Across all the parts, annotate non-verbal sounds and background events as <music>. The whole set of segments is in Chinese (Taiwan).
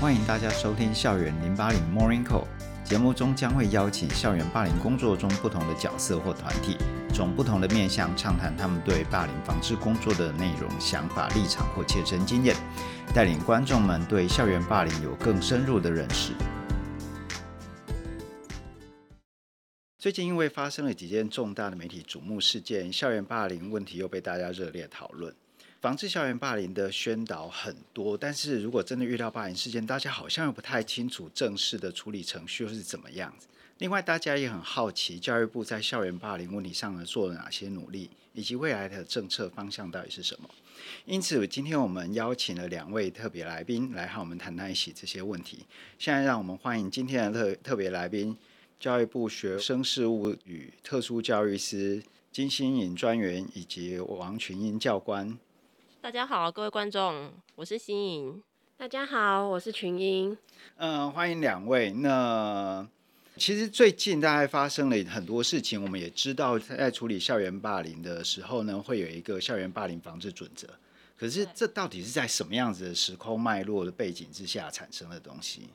歡迎大家收聽《校園零霸凌 Morning Call》。節目中將會邀請校園霸凌工作中不同的角色或團體，從不同的面向暢談他們對霸凌防治工作的內容、想法、立場或切身經驗，帶領觀眾們對校園霸凌有更深入的認識。最近因為發生了幾件重大的媒體矚目事件，校園霸凌問題又被大家熱烈討論。防制校園霸凌的宣導很多，但是如果真的遇到霸凌事件，大家好像又不太清楚正式的處理程序又是怎麼樣。另外，大家也很好奇教育部在校園霸凌問題上呢做了哪些努力，以及未來的政策方向到底是什麼。因此，今天我們邀請了兩位特別來賓來和我們談談一起這些問題。現在，讓我們歡迎今天的特特別來賓，教育部學生事務與特殊教育司金忻瑩專員以及王群瑛教官。大家好，各位觀眾，我是忻瑩。大家好，我是群瑛。嗯、呃，歡迎兩位。那其實最近大概發生了很多事情，我們也知道，在處理校園霸凌的時候呢，會有一個校園霸凌防制準則。可是，這到底是在什麼樣子的時空脈絡的背景之下產生的東西？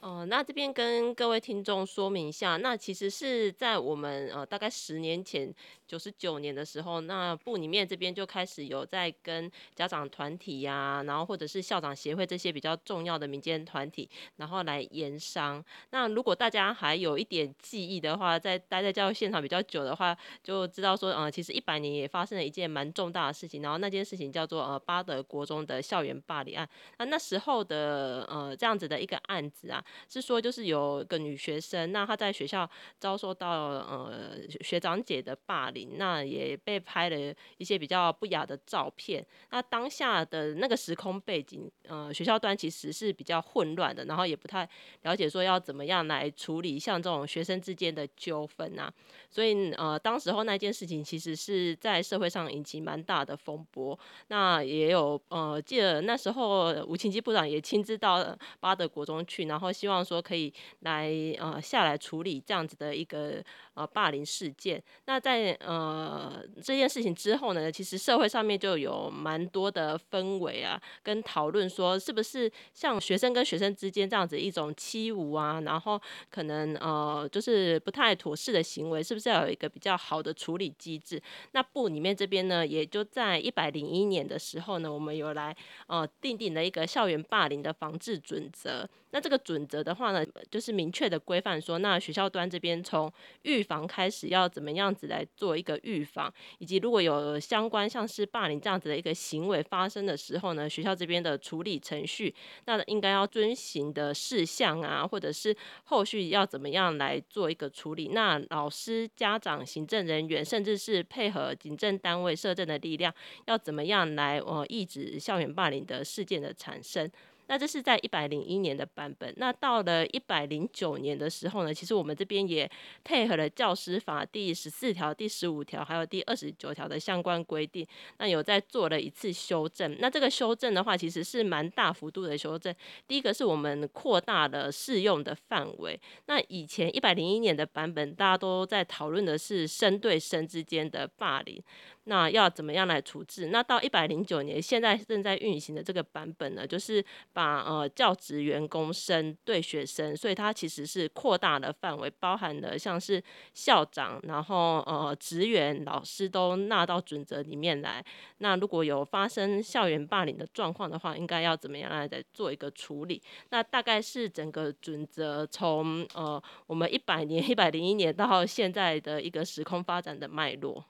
哦、呃，那這邊跟各位聽眾說明一下，那其實是在我們呃大概十年前九十九年的時候，那部裡面這邊就開始有在跟家長團體呀、啊，然後或者是校長協會這些比較重要的民間團體，然後來研商。那如果大家還有一點記憶的話，在待在教育現場比較久的話，就知道說，嗯、呃，其實一百年也發生了一件蠻重大的事情，然後那件事情叫做呃八德國中的校園霸凌案。那那時候的呃這樣子的一個案子啊。是說，就是有一個女學生，那她在學校遭受到呃學長姐的霸凌，那也被拍了一些比較不雅的照片。那當下的那個時空背景，呃，學校端其實是比較混亂的，然後也不太了解說要怎麼樣來處理像這種學生之間的糾紛吶、啊。所以呃，當時候那件事情其實是在社會上引起蠻大的風波。那也有呃，記得那時候吳清基部長也親自到八德國中去，然後。希望說可以來呃下來處理這樣子的一個呃霸凌事件。那在呃這件事情之後呢，其實社會上面就有蠻多的氛圍啊跟討論，說是不是像學生跟學生之間這樣子一種欺侮啊，然後可能呃就是不太妥適的行為，是不是要有一個比較好的處理機制？那部裡面這邊呢，也就在一百零一年的時候呢，我們有來呃訂定了一個校園霸凌的防制準則。那這個準則。則的話呢，就是明確的規範說，那學校端這邊從預防開始要怎麼樣子來做一個預防，以及如果有相關像是霸凌這樣子的一個行為發生的時候呢，學校這邊的處理程序，那應該要遵循的事項啊，或者是後續要怎麼樣來做一個處理，那老師、家長、行政人員，甚至是配合警政單位、社政的力量，要怎麼樣來呃抑制校園霸凌的事件的產生。那這是在一百零一年的版本，那到了一百零九年的時候呢，其實我們這邊也配合了教師法第十四條、第十五條還有第二十九條的相關規定，那有在做了一次修正。那這個修正的話，其實是蠻大幅度的修正。第一個是我們擴大了適用的範圍。那以前一百零一年的版本，大家都在討論的是生對生之間的霸凌，那要怎麼樣來處置？那到一百零九年，現在正在運行的這個版本呢，就是。把呃教職員工生對學生，所以它其實是擴大了範圍，包含了像是校長，然後呃職員、老師都納到準則裡面來。那如果有發生校園霸凌的狀況的話，應該要怎麼樣來再做一個處理？那大概是整個準則從呃我們一百年、一百零一年到現在的一個時空發展的脈絡。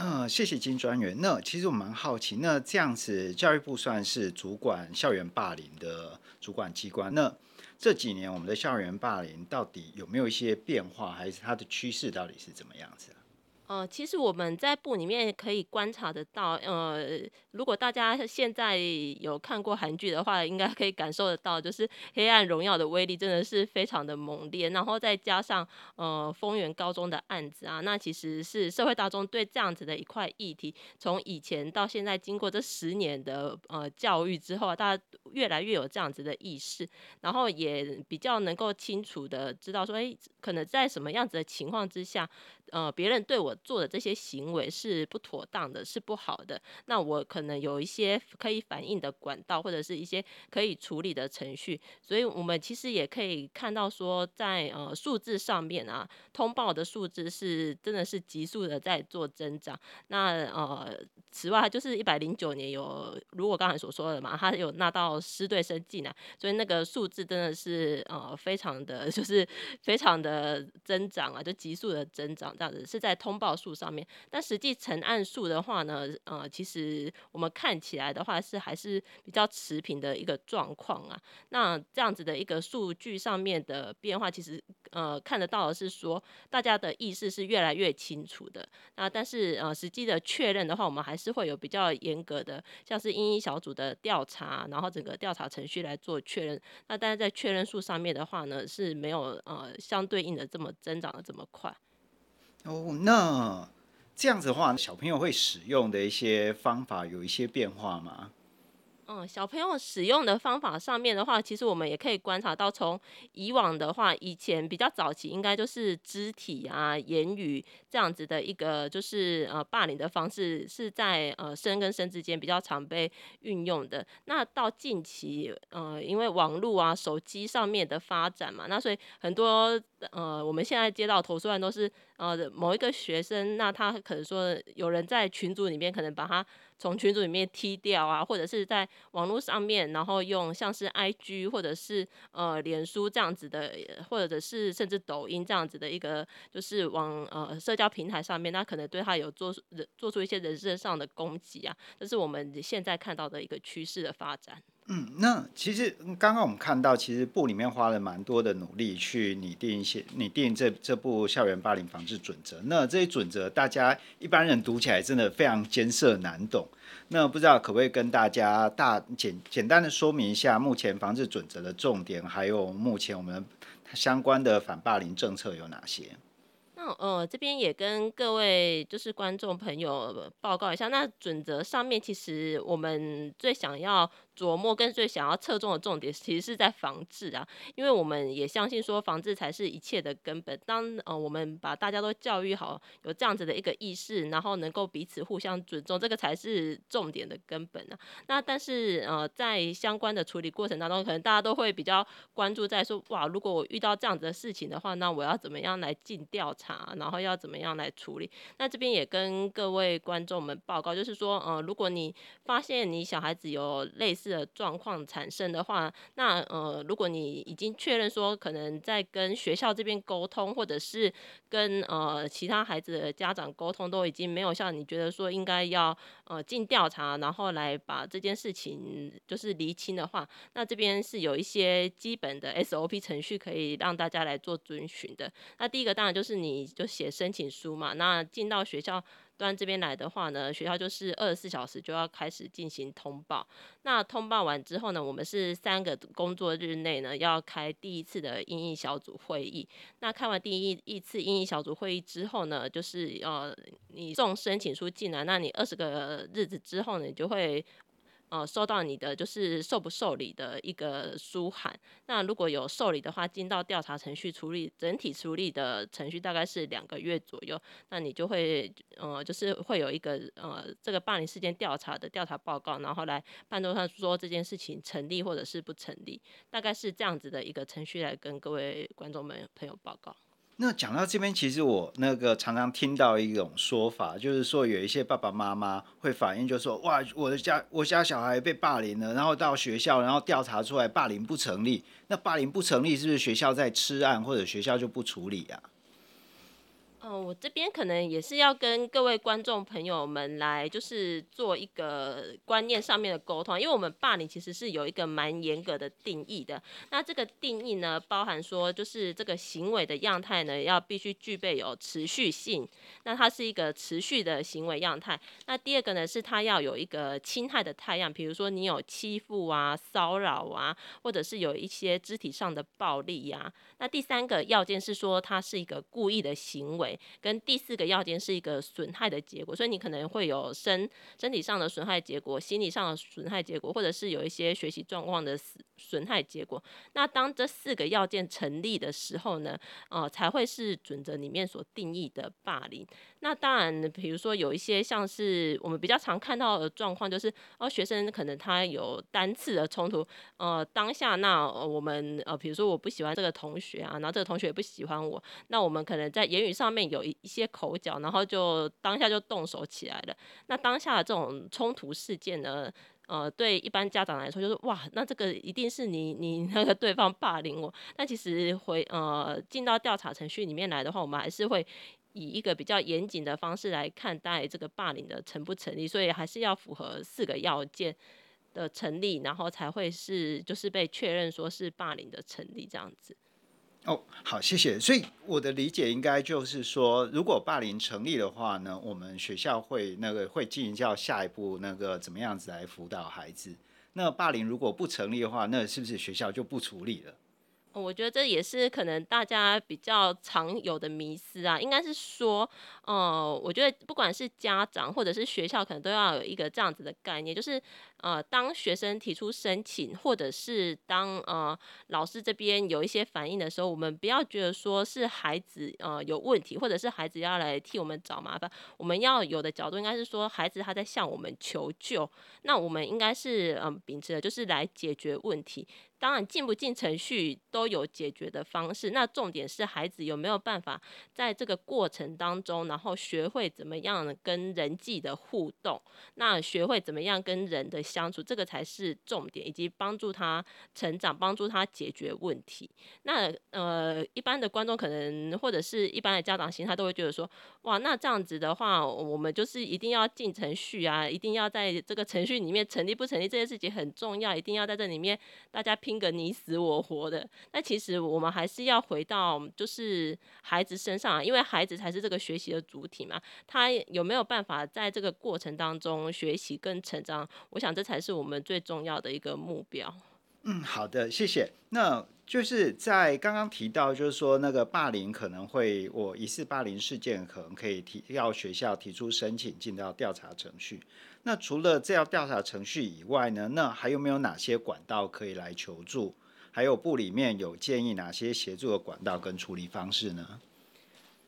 嗯，謝謝金專員。那其實我蠻好奇，那這樣子教育部算是主管校園霸凌的主管機關，那這幾年我們的校園霸凌到底有沒有一些變化，還是它的趨勢到底是怎麼樣子？呃，其實我們在部裡面可以觀察得到，呃，如果大家現在有看過韓劇的話，應該可以感受得到，就是《黑暗榮耀》的威力真的是非常的猛烈。然後再加上呃豐原高中的案子啊，那其實是社會大眾對這樣子的一塊議題，從以前到現在，經過這十年的呃教育之後，啊，大家越來越有這樣子的意識，然後也比較能夠清楚的知道說，哎，可能在什麼樣子的情況之下，呃，別人對我。做的這些行為是不妥當的，是不好的。那我可能有一些可以反映的管道，或者是一些可以處理的程序。所以，我們其實也可以看到說在，在呃數字上面啊，通報的數字是真的是急速的在做增長。那呃，此外，就是一百零九年有，如我剛才所說的嘛，他有納到師對生計呢、啊，所以那個數字真的是呃非常的就是非常的增長啊，就急速的增長這樣子，是在通報。報數上面，但實際成案數的話呢，呃，其實我們看起來的話是還是比較持平的一個狀況啊。那這樣子的一個數據上面的變化，其實呃看得到的是說大家的意識是越來越清楚的。那但是呃實際的確認的話，我們還是會有比較嚴格的，像是英英小組的調查，然後整個調查程序來做確認。那但是在確認數上面的話呢，是沒有呃相對應的這麼增長的這麼快。哦，那這樣子的話，小朋友會使用的一些方法有一些變化嗎？嗯，小朋友使用的方法上面的話，其實我們也可以觀察到，從以往的話，以前比較早期應該就是肢體啊、言語這樣子的一個就是呃霸凌的方式，是在呃生跟生之間比較常被運用的。那到近期，呃，因為網絡啊、手機上面的發展嘛，那所以很多呃，我們現在接到投訴案都是呃某一個學生，那他可能說有人在群組裡面可能把他。從群組裡面踢掉啊，或者是在網絡上面，然後用像是 IG 或者是呃臉書這樣子的，或者是甚至抖音這樣子的一個，就是往呃社交平台上面，那可能對他有做做出一些人身上的攻擊啊，這是我們現在看到的一個趨勢的發展。嗯，那其實剛剛我們看到，其實部裡面花了蠻多的努力去擬定一些擬定這這部校園霸凌防制準則。那這些準則大家一般人讀起來真的非常艱澀難懂。那不知道可不可以跟大家大簡簡單的說明一下目前防制準則的重點，還有目前我們相關的反霸凌政策有哪些？那呃，這邊也跟各位就是觀眾朋友，呃，報告一下，那準則上面其實我們最想要。琢磨跟最想要側重的重點，其實是在防制啊，因為我們也相信說防制才是一切的根本。當呃我們把大家都教育好，有這樣子的一個意識，然後能夠彼此互相尊重，這個才是重點的根本啊。那但是呃在相關的處理過程當中，可能大家都會比較關注在說，哇，如果我遇到這樣子的事情的話，那我要怎麼樣來進調查，然後要怎麼樣來處理？那這邊也跟各位觀眾們報告，就是說，呃，如果你發現你小孩子有類似。的狀況產生的話，那呃，如果你已經確認說可能在跟學校這邊溝通，或者是跟呃其他孩子的家長溝通，都已經沒有效，你覺得說應該要呃進調查，然後來把這件事情就是釐清的話，那這邊是有一些基本的 SOP 程序可以讓大家來做遵循的。那第一個當然就是你就寫申請書嘛，那進到學校端這邊來的話呢，學校就是二十四小時就要開始進行通報。那通報完之後呢，我們是三個工作日內呢要開第一次的因應小組會議。那開完第一一次因應小組會議之後呢，就是要你送申請書進來。那你二十個日子之後呢，你就會。呃，收到你的就是受不受理的一個書函。那如果有受理的話，進到調查程序處理，整體處理的程序大概是兩個月左右。那你就會，呃，就是會有一個呃，這個霸凌事件調查的調查報告，然後來判斷他說這件事情成立或者是不成立，大概是這樣子的一個程序來跟各位觀眾們朋友報告。那講到這邊，其實我那個常常聽到一種說法，就是說有一些爸爸媽媽會反映就說：“哇，我的家我家小孩被霸凌了。”然後到學校，然後調查出來霸凌不成立。那霸凌不成立，是不是學校在吃案，或者學校就不處理啊？嗯、哦，我這邊可能也是要跟各位觀眾朋友們來，就是做一個觀念上面的溝通，因為我們霸凌其實是有一個蠻嚴格的定義的。那這個定義呢，包含說就是這個行為的樣態呢，要必須具備有持續性，那它是一個持續的行為樣態。那第二個呢，是它要有一個侵害的態樣，比如說你有欺負啊、騷擾啊，或者是有一些肢體上的暴力呀、啊。那第三個要件是說，它是一個故意的行為。跟第四個要件是一個損害的結果，所以你可能會有身身體上的損害結果、心理上的損害結果，或者是有一些學習狀況的損損害結果。那當這四個要件成立的時候呢，呃，才會是準則裡面所定義的霸凌。那當然，比如說有一些像是我們比較常看到的狀況，就是哦，學生可能他有單次的衝突，呃，當下那我們呃，比如說我不喜歡這個同學啊，然後這個同學也不喜歡我，那我們可能在言語上面。有一一些口角，然後就當下就動手起來了。那當下的這種衝突事件呢，呃，對一般家長來說就是哇，那這個一定是你你那個對方霸凌我。那其實回呃進到調查程序裡面來的話，我們還是會以一個比較嚴謹的方式來看待這個霸凌的成不成立，所以還是要符合四個要件的成立，然後才會是就是被確認說是霸凌的成立這樣子。哦，oh, 好，謝謝。所以我的理解應該就是說，如果霸凌成立的話呢，我們學校會那個會進行到下一步那個怎麼樣子來輔導孩子。那霸凌如果不成立的話，那是不是學校就不處理了？我覺得這也是可能大家比較常有的迷思啊，應該是說，呃，我覺得不管是家長或者是學校，可能都要有一個這樣子的概念，就是呃，當學生提出申請，或者是當呃老師這邊有一些反應的時候，我們不要覺得說是孩子呃有問題，或者是孩子要來替我們找麻煩，我們要有的角度應該是說，孩子他在向我們求救，那我們應該是嗯、呃、秉持的就是來解決問題。當然，進不進程序都有解決的方式。那重點是孩子有沒有辦法在這個過程當中，然後學會怎麼樣跟人際的互動，那學會怎麼樣跟人的相處，這個才是重點，以及幫助他成長，幫助他解決問題。那呃，一般的觀眾可能或者是一般的家長心態都會覺得說，哇，那這樣子的話，我們就是一定要進程序啊，一定要在這個程序裡面成立不成立，這件事情很重要，一定要在這裡面大家，拼個你死我活的。那其實我們還是要回到就是孩子身上，啊，因為孩子才是這個學習的主體嘛。他有沒有辦法在這個過程當中學習跟成長？我想這才是我們最重要的一個目標。嗯，好的，謝謝。那就是在剛剛提到，就是說那個霸凌可能會，我疑似霸凌事件，可能可以提，要學校提出申請進到調查程序。那除了這樣調查程序以外呢？那還有沒有哪些管道可以來求助？還有部裡面有建議哪些協助的管道跟處理方式呢？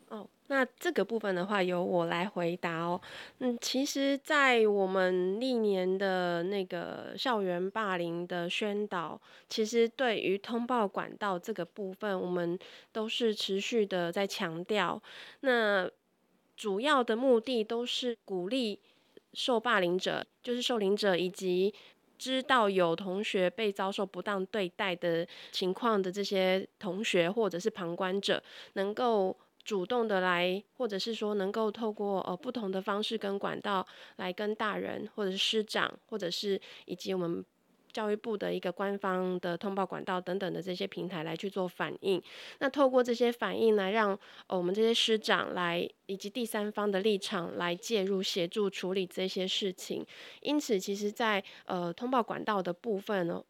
哦，那這個部分的話，由我來回答哦。嗯，其實，在我們歷年的那個校園霸凌的宣導，其實對於通報管道這個部分，我們都是持續的在強調。那主要的目的都是鼓勵。受霸凌者就是受凌者，以及知道有同學被遭受不當對待的情況的這些同學，或者是旁觀者，能夠主動的來，或者是說能夠透過呃不同的方式跟管道來跟大人，或者是師長，或者是以及我們。教育部的一個官方的通報管道等等的這些平台來去做反應，那透過這些反應來讓我們這些師長來以及第三方的立場來介入協助處理這些事情。因此，其實在，在呃通報管道的部分呢，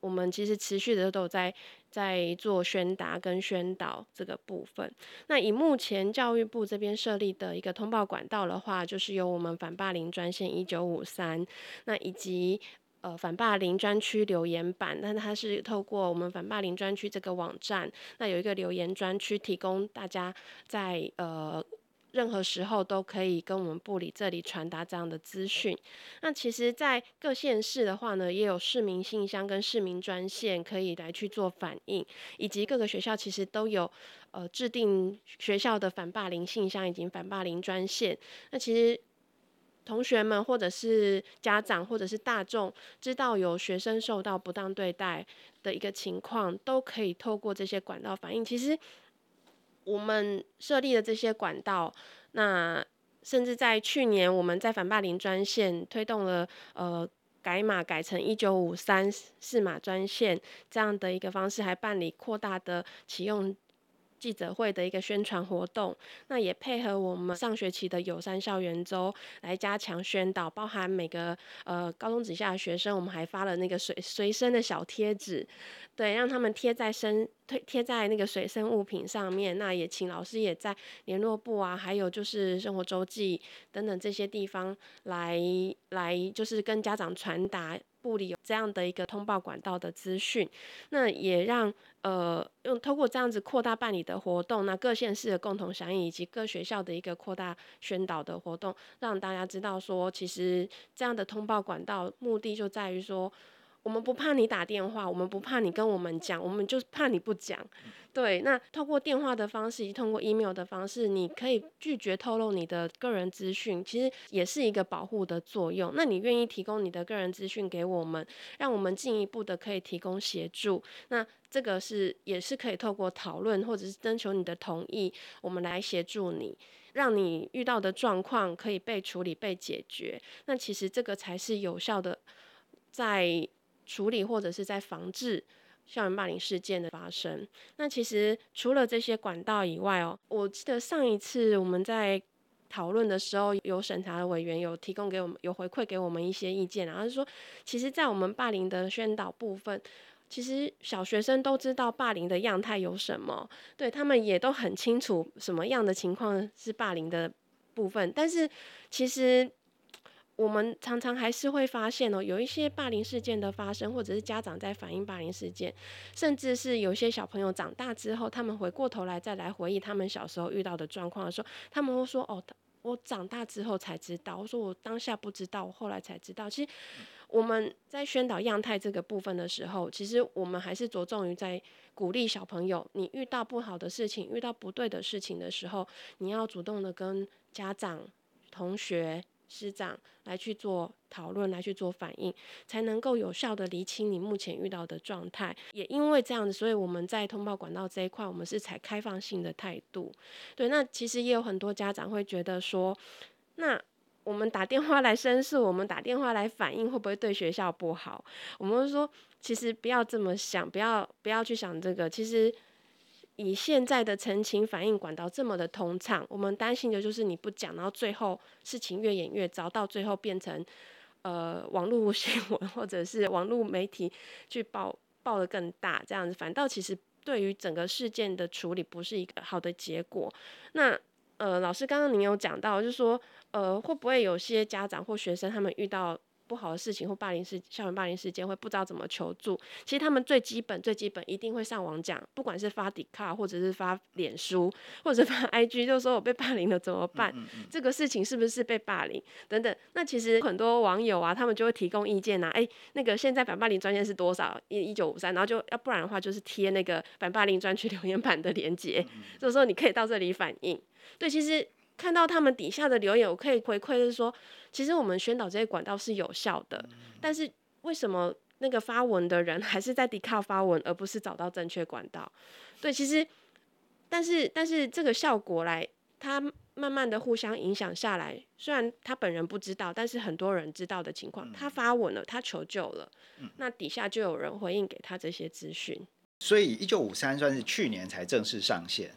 我們其實持續的都有在在做宣達跟宣導這個部分。那以目前教育部這邊設立的一個通報管道的話，就是由我們反霸凌專線一九五三，那以及。呃，反霸凌專區留言板，那它是透過我們反霸凌專區這個網站，那有一個留言專區，提供大家在呃任何時候都可以跟我們部裡這裡傳達這樣的資訊。那其實，在各縣市的話呢，也有市民信箱跟市民專線可以來去做反映，以及各個學校其實都有呃制定學校的反霸凌信箱以及反霸凌專線。那其實。同學們，或者是家長，或者是大眾，知道有學生受到不當對待的一個情況，都可以透過這些管道反映。其實，我們設立了這些管道，那甚至在去年，我們在反霸凌專線推動了，呃，改碼改成一九五三四碼專線這樣的一個方式，還辦理擴大的啟用。記者會的一個宣傳活動，那也配合我們上學期的友善校園周來加強宣導，包含每個呃高中職下的學生，我們還發了那個隨隨身的小貼紙，對，讓他們貼在身貼在那個隨身物品上面。那也請老師也在聯絡部啊，還有就是生活周記等等這些地方來來，就是跟家長傳達。部裡有這樣的一個通報管道的資訊，那也讓呃用通過這樣子擴大辦理的活動，那各縣市的共同響應以及各學校的一個擴大宣導的活動，讓大家知道說，其實這樣的通報管道目的就在於說。我們不怕你打電話，我們不怕你跟我們講，我們就怕你不講。對，那透過電話的方式，通過 email 的方式，你可以拒絕透露你的個人資訊，其實也是一個保護的作用。那你願意提供你的個人資訊給我們，讓我們進一步的可以提供協助。那這個是也是可以透過討論或者是徵求你的同意，我們來協助你，讓你遇到的狀況可以被處理、被解決。那其實這個才是有效的，在。處理或者是在防治校園霸凌事件的發生。那其實除了這些管道以外哦，我記得上一次我們在討論的時候，有審查的委員有提供給我們，有回饋給我們一些意見，然後說，其實，在我們霸凌的宣導部分，其實小學生都知道霸凌的樣態有什麼，對，他們也都很清楚什麼樣的情況是霸凌的部分，但是其實。我們常常還是會發現哦，有一些霸凌事件的發生，或者是家長在反映霸凌事件，甚至是有些小朋友長大之後，他們回過頭來再來回憶他們小時候遇到的狀況的時候，他們會說：“哦，我長大之後才知道。”我說：“我當下不知道，我後來才知道。”其實我們在宣導樣態這個部分的時候，其實我們還是着重於在鼓勵小朋友，你遇到不好的事情，遇到不對的事情的時候，你要主動的跟家長、同學。師長來去做討論，來去做反應，才能夠有效的釐清你目前遇到的狀態。也因為這樣子，所以我們在通報管道這一塊，我們是採開放性的態度。對，那其實也有很多家長會覺得說，那我們打電話來申訴，我們打電話來反映，會不會對學校不好？我們說，其實不要這麼想，不要不要去想這個，其實。以現在的陳情反應管道，這麼的通暢，我們擔心的就是你不講，然後最後事情越演越糟，到最後變成呃網絡新聞或者是網絡媒體去報報得更大，這樣子反倒其實對於整個事件的處理不是一個好的結果。那呃老師剛剛您有講到，就是說呃會不會有些家長或學生他們遇到不好的事情或霸凌事，校園霸凌事件會不知道怎麼求助。其實他們最基本、最基本一定會上網講，不管是發 d 卡或發，或者是發臉書或者發 IG，就說“我被霸凌了，怎麼辦？嗯嗯嗯這個事情是不是被霸凌？等等。”那其實很多網友啊，他們就會提供意見啊，哎、欸，那個現在反霸凌專線是多少？一一九五三，然後就要不然的話就是貼那個反霸凌專區留言板的鏈接，就說你可以到這裡反映。對，其實。看到他們底下的留言，我可以回饋就是說，其實我們宣導這些管道是有效的，嗯、但是為什麼那個發文的人還是在抵抗發文，而不是找到正確管道？對，其實，但是但是這個效果來，他慢慢的互相影響下來，雖然他本人不知道，但是很多人知道的情況，他、嗯、發文了，他求救了，嗯、那底下就有人回應給他這些資訊。所以一九五三算是去年才正式上線。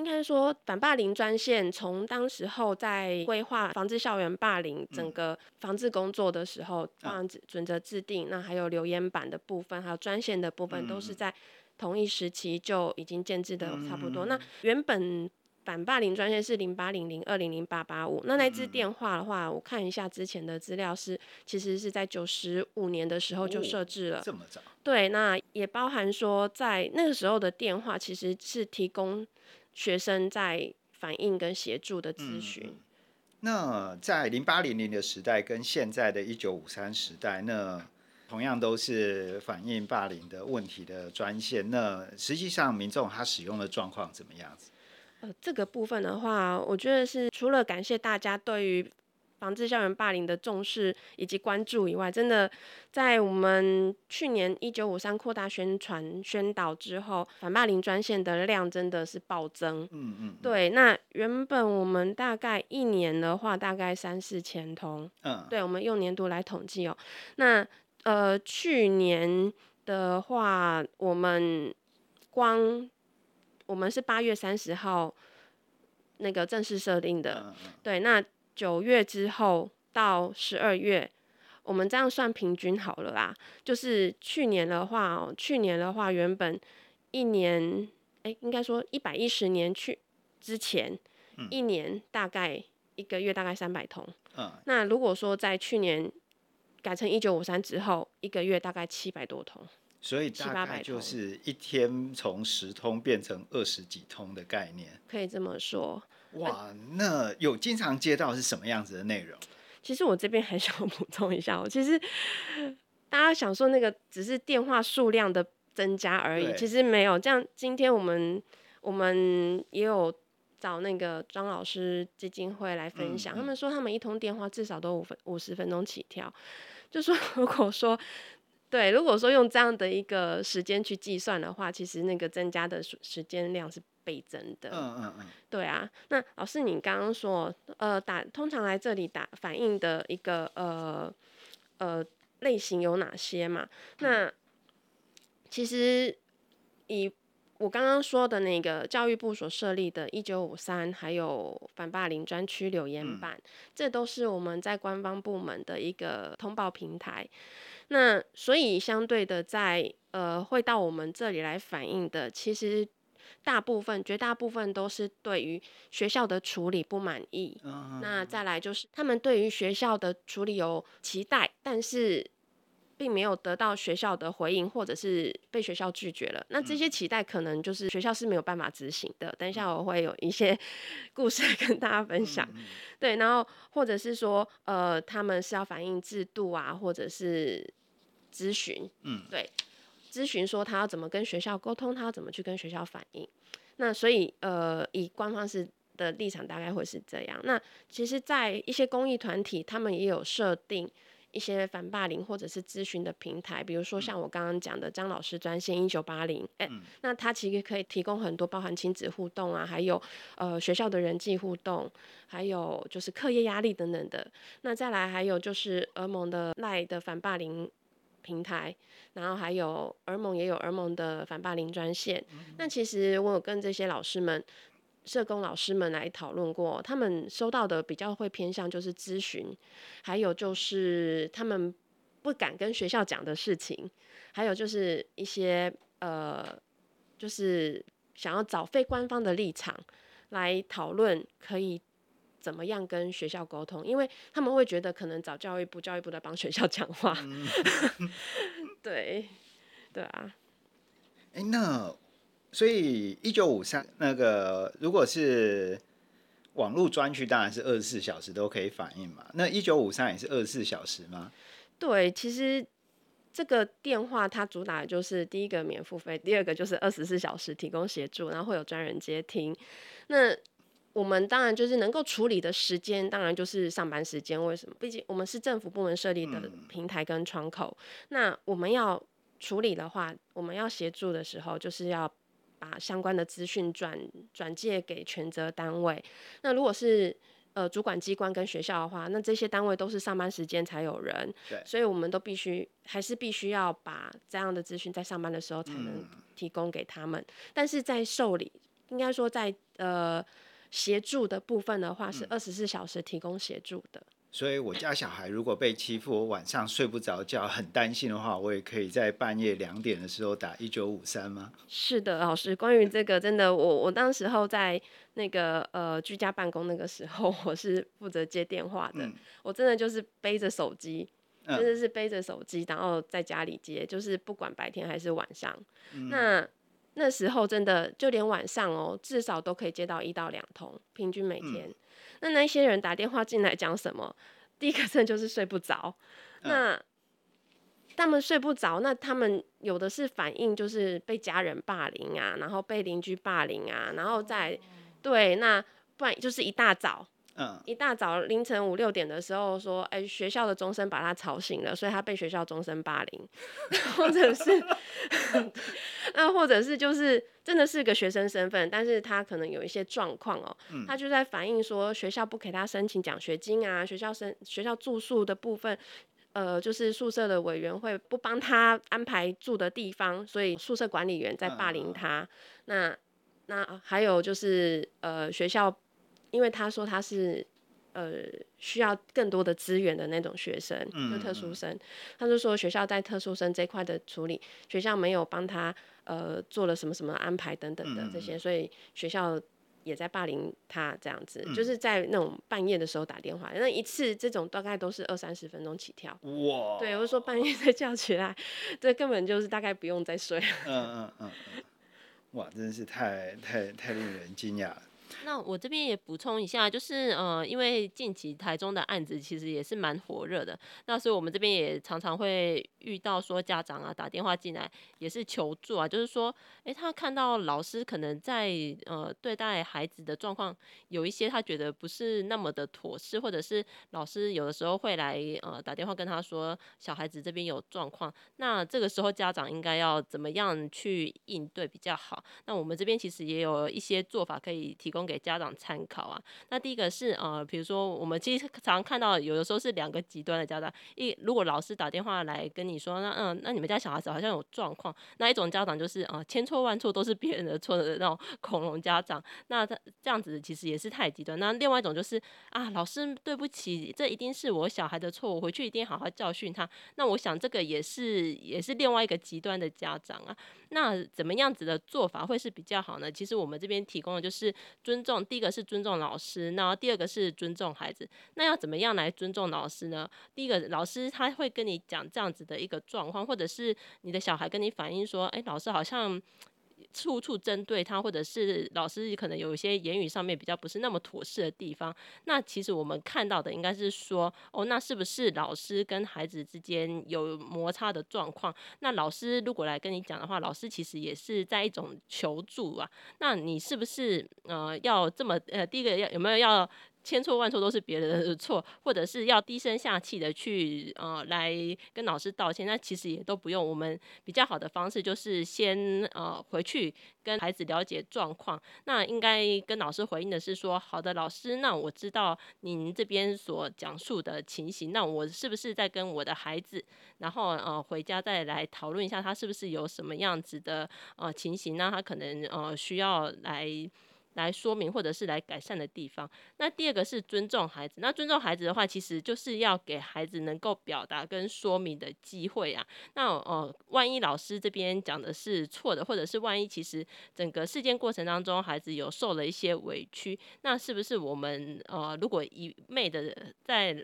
應該說，反霸凌專線從當時候在規劃防制校園霸凌整個防制工作的時候，這樣、嗯啊、準則制定，那還有留言板的部分，還有專線的部分，嗯、都是在同一時期就已經建制的差不多。嗯、那原本反霸凌專線是零八零零二零零八八五，85，那那支電話的話，嗯、我看一下之前的資料是，其實是在九十五年的時候就設置了，這麼早？對，那也包含說，在那個時候的電話其實是提供。學生在反映跟協助的諮詢。嗯，那在零八零零的時代跟現在的一九五三時代，那同樣都是反映霸凌的問題的專線。那實際上民眾他使用的狀況怎麼樣子？呃，這個部分的話，我覺得是除了感謝大家對於。防制校園霸凌的重視以及關注以外，真的在我們去年一九五三擴大宣傳宣導之後，反霸凌專線的量真的是暴增。嗯，嗯嗯。對，那原本我們大概一年的話，大概三四千通。嗯、對，我們用年度來統計哦、喔。那呃，去年的話，我們光我們是八月三十號那個正式設定的。嗯嗯對，那。九月之後到十二月，我們這樣算平均好了啦。就是去年的話、喔，去年的話，原本一年，哎、欸，應該說一百一十年去之前，一年大概一個月大概三百通。嗯、那如果說在去年改成一九五三之後，一個月大概七百多通。所以七八百就是一天從十通變成二十幾通的概念。可以這麼說。哇，那有經常接到是什麼樣子的內容？其實我這邊還想補充一下，我其實大家想說那個只是電話數量的增加而已，對其實沒有這樣。今天我們我們也有找那個張老師基金會來分享，嗯嗯、他們說，他們一通電話至少都五分五十分鐘起跳，就說如果說，對，如果說用這樣的一個時間去計算的話，其實那個增加的時間量是。倍增的。嗯嗯嗯。對啊，那老師，你剛剛說，呃，打通常來這裡打反映的一個呃呃類型有哪些嘛？那其實以我剛剛說的那個教育部所設立的“一九五三”還有反霸凌專區留言板，嗯、這都是我們在官方部門的一個通報平台。那所以相對的在，在呃會到我們這裡來反映的，其實。大部分、絕大部分都是對於學校的處理不滿意。Uh huh. 那再來就是他們對於學校的處理有期待，但是並沒有得到學校的回應，或者是被學校拒絕了。那這些期待可能就是學校是沒有辦法執行的。Uh huh. 等一下我會有一些故事跟大家分享。Uh huh. 對，然後或者是說，呃，他們是要反映制度啊，或者是諮詢。嗯。Uh huh. 對。諮詢說他要怎麼跟學校溝通，他要怎麼去跟學校反映。那所以呃，以官方式的立場大概會是這樣。那其實，在一些公益團體，他們也有設定一些反霸凌或者是諮詢的平台，比如說像我剛剛講的張老師專線一九八零，哎，那他其實可以提供很多，包含親子互動啊，還有呃學校的人際互動，還有就是課業壓力等等的。那再來還有就是俄盟的賴的反霸凌，平台，然後還有兒盟也有兒盟的反霸凌專線。那其實我有跟這些老師們、社工老師們來討論過，他們收到的比較會偏向就是諮詢，還有就是他們不敢跟學校講的事情，還有就是一些呃，就是想要找非官方的立場來討論可以怎麼樣跟學校溝通？因為他們會覺得可能找教育部，教育部在幫學校講話。 <laughs> 對，對啊。哎、欸，那所以一九五三那個，如果是網絡專區，當然是二十四小時都可以反映嘛。那一九五三也是二十四小時嗎？對，其實這個電話它主打的就是第一個免付費，第二個就是二十四小時提供協助，然後會有專人接聽。那我們當然就是能夠處理的時間，當然就是上班時間。為什麼？畢竟我們是政府部門設立的平台跟窗口。嗯、那我們要處理的話，我們要協助的時候，就是要把相關的資訊轉轉介給全責單位。那如果是呃主管機關跟學校的話，那這些單位都是上班時間才有人。對。所以我們都必須還是必須要把這樣的資訊在上班的時候才能提供給他們。嗯、但是在受理，應該說在呃。協助的部分的話是二十四小時提供協助的，嗯。所以我家小孩如果被欺負，我晚上睡不着覺，很擔心的話，我也可以在半夜兩點的時候打一九五三嗎？是的，老師，關於這個真的，我我當時候在那個呃居家辦公那個時候，我是負責接電話的，嗯，我真的就是背着手機，真的，嗯，是背着手機，然後在家裡接，就是不管白天還是晚上，嗯、那。那時候真的就連晚上哦，至少都可以接到一到兩通，平均每天。嗯、那那些人打電話進來講什麼？第一個真的就是睡不着。嗯、那他們睡不着，那他們有的是反應就是被家人霸凌啊，然後被鄰居霸凌啊，然後再對，那不然就是一大早。Uh, 一大早凌晨五六點的時候說，哎、欸，學校的鐘聲把他吵醒了，所以他被學校鐘聲霸凌， <laughs> 或者是 <laughs> <laughs> 那或者是就是真的是個學生身份，但是他可能有一些狀況哦，他就在反映說學校不給他申請獎學金啊，學校生學校住宿的部分，呃，就是宿舍的委員會不幫他安排住的地方，所以宿舍管理員在霸凌他。Uh, uh, uh, 那那還有就是呃學校。因為他說他是，呃，需要更多的資源的那種學生，就、嗯嗯、特殊生。他就說學校在特殊生這塊的處理，學校沒有幫他呃做了什麼什麼安排等等的這些，嗯嗯，所以學校也在霸凌他這樣子，就是在那種半夜的時候打電話，嗯、那一次這種大概都是二三十分鐘起跳。哇！對，我就說半夜再叫起來，這根本就是大概不用再睡了。嗯嗯嗯嗯。哇，真是太太太令人驚訝了。那我這邊也補充一下，就是呃，因為近期台中的案子其實也是蠻火熱的，那所以我們這邊也常常會。遇到說家長啊，打電話進來也是求助啊，就是說，誒，他看到老師可能在呃對待孩子的狀況有一些他覺得不是那麼的妥適，或者是老師有的時候會來呃打電話跟他說小孩子這邊有狀況，那這個時候家長應該要怎麼樣去應對比較好？那我們這邊其實也有一些做法可以提供給家長參考啊。那第一個是呃，比如說我們其實常看到有的時候是兩個極端的家長，一如果老師打電話來跟你說，那嗯，那你們家小孩子好像有狀況。那一種家長就是啊，千錯萬錯都是別人的錯的那種恐龍家長。那他這樣子其實也是太極端。那另外一種就是啊，老師對不起，這一定是我小孩的錯，我回去一定好好教訓他。那我想這個也是也是另外一個極端的家長啊。那怎麼樣子的做法會是比較好呢？其實我們這邊提供的就是尊重。第一個是尊重老師，然後第二個是尊重孩子。那要怎麼樣來尊重老師呢？第一個，老師他會跟你講這樣子的。一個狀況，或者是你的小孩跟你反映說，欸，老師好像處處針對他，或者是老師可能有一些言語上面比較不是那麼妥適的地方。那其實我們看到的應該是說，哦，那是不是老師跟孩子之間有摩擦的狀況？那老師如果來跟你講的話，老師其實也是在一種求助啊。那你是不是呃，要這麼呃，第一個要有沒有要？千錯萬錯都是別人的錯，或者是要低聲下氣的去呃來跟老師道歉，那其實也都不用。我們比較好的方式就是先呃回去跟孩子了解狀況。那應該跟老師回應的是說：好的，老師，那我知道您這邊所講述的情形。那我是不是在跟我的孩子，然後呃回家再來討論一下，他是不是有什麼樣子的呃情形？那他可能呃需要來。來說明或者是來改善的地方。那第二個是尊重孩子。那尊重孩子的話，其實就是要給孩子能夠表達跟說明的機會啊。那哦、呃，萬一老師這邊講的是錯的，或者是萬一其實整個事件過程當中孩子有受了一些委屈，那是不是我們呃，如果一味的在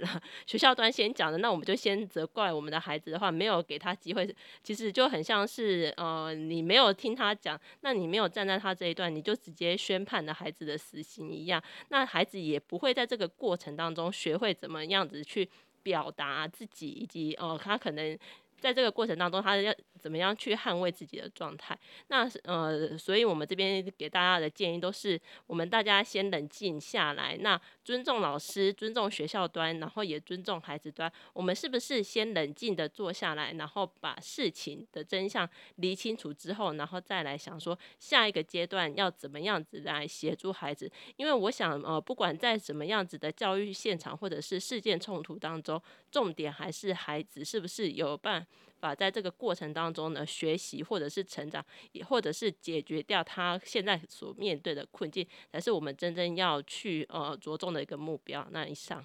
學校端先講的，那我們就先責怪我們的孩子的話，沒有給他機會，其實就很像是呃，你沒有聽他講，那你沒有站在他這一段，你就直接宣判。看孩子的死心一樣，那孩子也不會在這個過程當中學會怎麼樣子去表達自己，以及哦、呃，他可能。在這個過程當中，他要怎麼樣去捍衛自己的狀態？那呃，所以我們這邊給大家的建議都是，我們大家先冷靜下來，那尊重老師，尊重學校端，然後也尊重孩子端。我們是不是先冷靜地坐下來，然後把事情的真相理清楚之後，然後再來想說下一個階段要怎麼樣子來協助孩子？因為我想，呃，不管在什麼樣子的教育現場或者是事件衝突當中。重點還是孩子是不是有辦法在這個過程當中呢，學習或者是成長，也或者是解決掉他現在所面對的困境，才是我們真正要去呃着重的一個目標。那以上，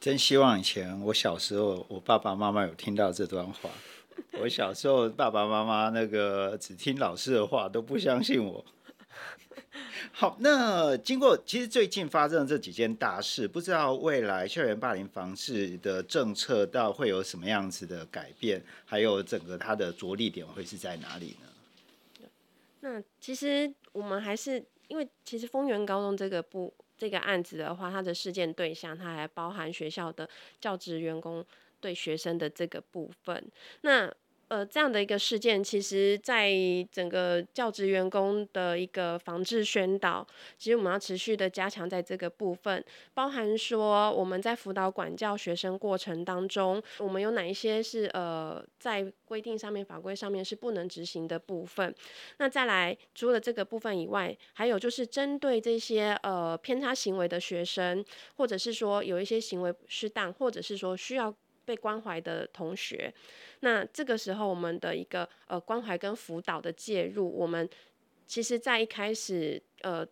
真希望以前我小時候我爸爸媽媽有聽到這段話，我小時候爸爸媽媽那個只聽老師的話都不相信我。 <laughs> 好，那經過其實最近發生的這幾件大事，不知道未來校園霸凌防治的政策到會有什麼樣子的改變，還有整個它的着力點會是在哪裡呢？那其實我們還是因為其實豐原高中這個部這個案子的話，它的事件對象它還包含學校的教職員工對學生的這個部分，那，呃，這樣的一個事件，其實在整個教職員工的一個防治宣導，其實我們要持續的加強在這個部分，包含說我們在輔導管教學生過程當中，我們有哪一些是呃在規定上面、法規上面是不能執行的部分。那再來，除了這個部分以外，還有就是針對這些呃偏差行為的學生，或者是說有一些行為不適當，或者是說需要。被關懷的同學，那這個時候我們的一個呃關懷跟輔導的介入，我們其實，在一開始呃，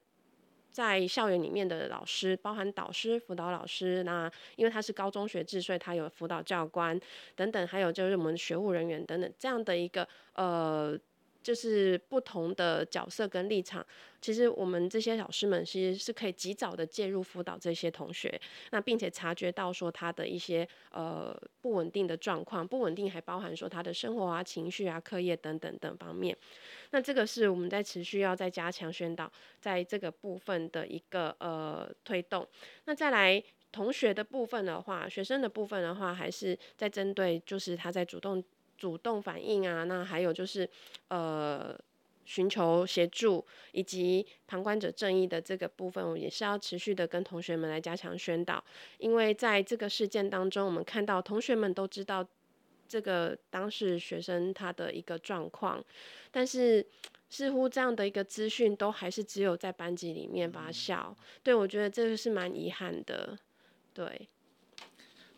在校園裡面的老師，包含導師、輔導老師，那因為他是高中學制，所以他有輔導教官等等，還有就是我們學務人員等等這樣的一個呃。就是不同的角色跟立場，其實我們這些老師們其實是可以及早的介入輔導這些同學，那並且察覺到說他的一些呃不穩定的狀況，不穩定還包含說他的生活啊、情緒啊、課業等等等方面。那這個是我們在持續要再加強宣導，在這個部分的一個呃推動。那再來同學的部分的話，學生的部分的話，還是在針對就是他在主動。主動反應啊，那還有就是，呃，尋求協助以及旁觀者正義的這個部分，我也是要持續的跟同學們來加強宣導。因為在這個事件當中，我們看到同學們都知道這個當事學生他的一個狀況，但是似乎這樣的一個資訊都還是只有在班級裡面發酵。對，我覺得這個是蠻遺憾的，對。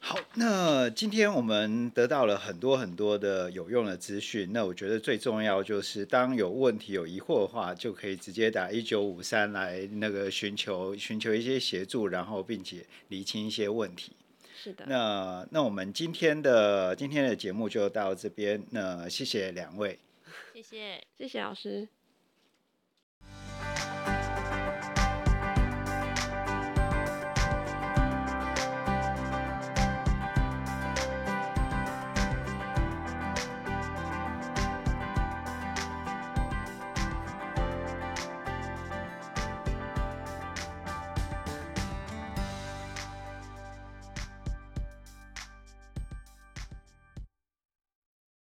好，那今天我們得到了很多很多的有用的資訊。那我覺得最重要就是，當有問題、有疑惑的話，就可以直接打1953來那個尋求尋求一些協助，然後並且釐清一些問題。是的。那那我們今天的今天的節目就到這邊。那謝謝兩位，謝謝謝謝老師。